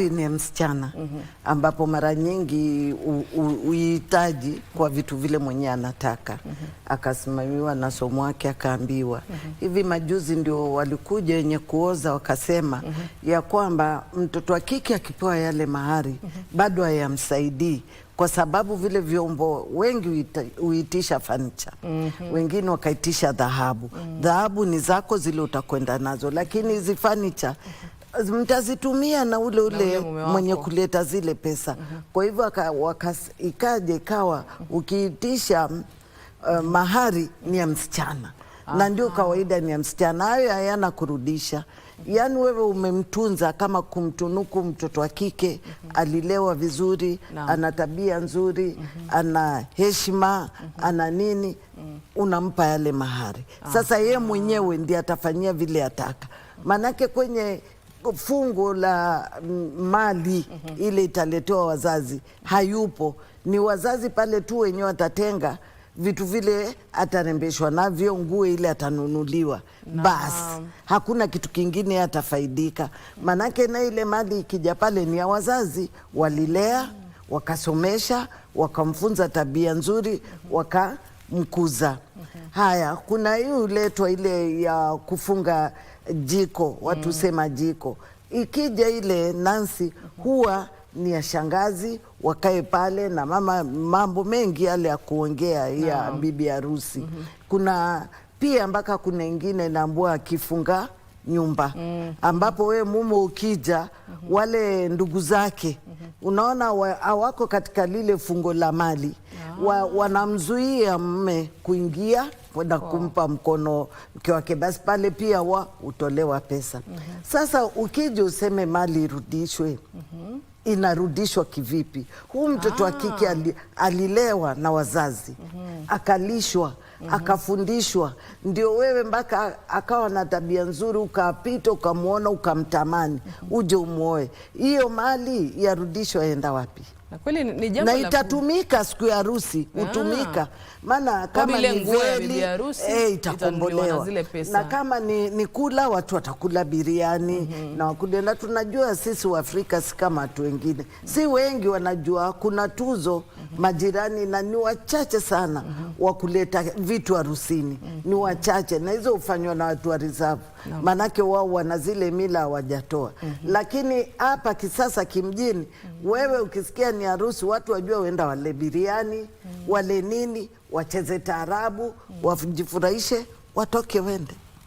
ya msichana ambapo mara nyingi uhitaji kwa vitu vile mwenyewe anataka mm -hmm. Akasimamiwa na somo wake akaambiwa mm -hmm. Hivi majuzi ndio walikuja wenye kuoza wakasema mm -hmm. ya kwamba mtoto wa kike akipewa yale mahari mm -hmm. bado hayamsaidii kwa sababu vile vyombo wengi huitisha fanicha mm -hmm. wengine wakaitisha dhahabu mm -hmm. Dhahabu ni zako zile utakwenda nazo, lakini hizi fanicha mm -hmm mtazitumia na ule ule, na ule mwenye kuleta zile pesa mm -hmm. Kwa hivyo ikaje ikawa ukiitisha uh, mahari ni ya msichana Aha. na ndio kawaida ni ya msichana, hayo hayana kurudisha Yaani wewe umemtunza kama kumtunuku mtoto wa kike mm -hmm. Alilewa vizuri no. Ana tabia nzuri mm -hmm. Ana heshima mm -hmm. Ana nini mm Unampa yale mahari ah. Sasa ye mwenyewe ndiye atafanyia vile ataka, mm. maanake kwenye fungu la mali mm -hmm. ile italetewa wazazi hayupo, ni wazazi pale tu wenyewe watatenga vitu vile atarembeshwa navyo, nguo ile atanunuliwa no. Basi hakuna kitu kingine atafaidika, manake na ile mali ikija pale ni ya wazazi, walilea wakasomesha, wakamfunza tabia nzuri, waka mkuza. Haya, kuna hii uletwa ile ya kufunga jiko, watu sema jiko ikija ile Nancy huwa ni ya shangazi wakae pale na mama, mambo mengi yale ya kuongea ya no. bibi harusi mm -hmm. Kuna pia mpaka kuna ingine naambua akifunga nyumba mm -hmm. ambapo we mumo ukija mm -hmm. wale ndugu zake mm -hmm. unaona hawako katika lile fungo la mali wa, ah. wanamzuia mme kuingia kwenda kumpa mkono mke wake, basi pale pia wa hutolewa pesa. mm -hmm. Sasa ukija useme mali irudishwe, mm -hmm. Inarudishwa kivipi? Huu mtoto wa ah. kike ali, alilewa na wazazi mm -hmm. akalishwa Mm -hmm. Akafundishwa, ndio wewe mpaka akawa na tabia nzuri, ukapita ukamwona, ukamtamani mm -hmm. uje umwoe. Hiyo mali yarudishwa, enda wapi? Kweli ni jambo na itatumika siku ya harusi ah. hutumika, maana kama ni veli eh, itakombolewa na kama ni, ni kula watu watakula biriani mm -hmm. na wakule na tunajua sisi Waafrika si kama watu wengine, si wengi wanajua kuna tuzo mhm. majirani na ni wachache sana mm -hmm. wa kuleta vitu harusini mm -hmm. ni wachache, na hizo hufanywa na watu wa rizavu no. Maanake wao wana zile mila hawajatoa mm -hmm. Lakini hapa kisasa kimjini mm -hmm. wewe ukisikia ni kwenye harusi watu wajue waenda wale biriani mm. wale nini, wacheze taarabu mm. wajifurahishe, watoke wende.